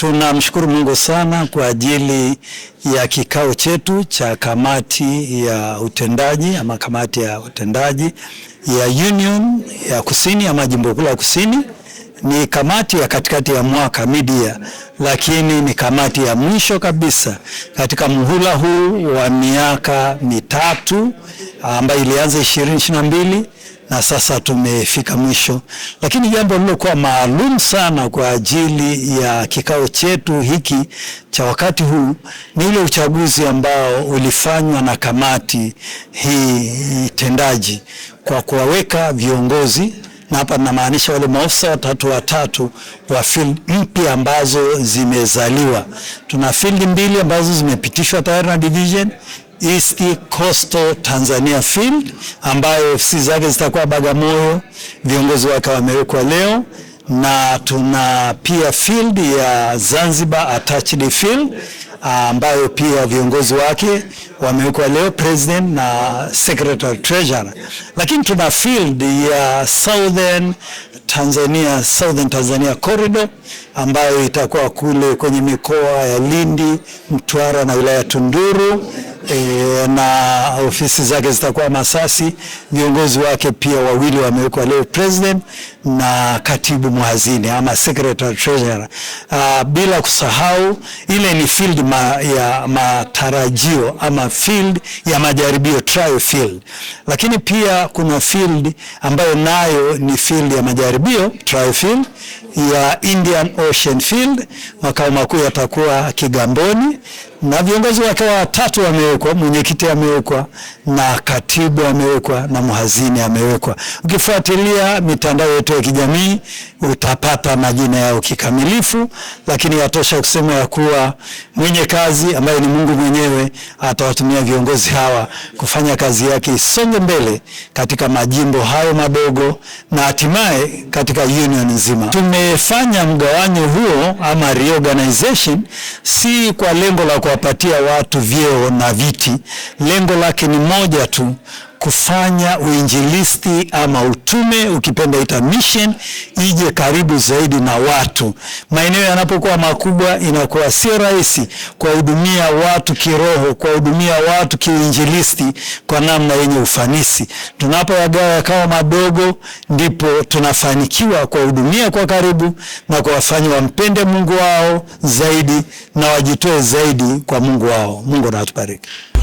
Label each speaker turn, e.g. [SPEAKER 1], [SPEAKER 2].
[SPEAKER 1] Tunamshukuru Mungu sana kwa ajili ya kikao chetu cha kamati ya utendaji ama kamati ya utendaji ya Union ya Kusini ama Jimbo Kuu la Kusini. Ni kamati ya katikati ya mwaka midia, lakini ni kamati ya mwisho kabisa katika muhula huu wa miaka mitatu ambayo ilianza ishirini ishirini na mbili na sasa tumefika mwisho, lakini jambo lilokuwa maalum sana kwa ajili ya kikao chetu hiki cha wakati huu ni ile uchaguzi ambao ulifanywa na kamati hii tendaji kwa kuwaweka viongozi na hapa namaanisha wale maofisa watatu watatu wa field mpya ambazo zimezaliwa. Tuna field mbili ambazo zimepitishwa tayari na division East Coastal Tanzania Field ambayo ofisi zake zitakuwa Bagamoyo. Viongozi wake wamewekwa leo, na tuna pia field ya Zanzibar Attached Field ambayo pia viongozi wake wamewekwa leo, president na secretary treasurer. Lakini tuna field ya Southern Tanzania, Southern Tanzania Corridor ambayo itakuwa kule kwenye mikoa ya Lindi, Mtwara na wilaya Tunduru e, na ofisi zake zitakuwa Masasi. Viongozi wake pia wawili wamewekwa leo, president na katibu mhazini ama secretary treasurer. A, bila kusahau ile ni field ma, ya matarajio ama field ya majaribio trial field, lakini pia kuna field ambayo nayo ni field ya majaribio trial field ya Indian Ocean Field, makao makuu yatakuwa Kigamboni, na viongozi wake watatu wamewekwa, mwenyekiti amewekwa na katibu amewekwa na mhazini amewekwa. Ukifuatilia mitandao yetu ya kijamii utapata majina yao kikamilifu, lakini yatosha kusema ya kuwa mwenye kazi ambaye ni Mungu mwenyewe atawatumia viongozi hawa kufanya kazi yake isonge mbele katika majimbo hayo madogo na hatimaye katika union nzima. Tumefanya mgawanyo huo ama reorganization, si kwa lengo la kuwapatia watu vyeo na viti, lengo lake ni moja tu kufanya uinjilisti ama utume, ukipenda ita mission, ije karibu zaidi na watu. Maeneo yanapokuwa makubwa, inakuwa sio rahisi kuwahudumia watu kiroho, kuwahudumia watu kiinjilisti kwa namna yenye ufanisi. Tunapoyagawa yakawa madogo, ndipo tunafanikiwa kuwahudumia kwa karibu na kuwafanya wampende Mungu wao zaidi na wajitoe zaidi kwa Mungu wao. Mungu anatubariki.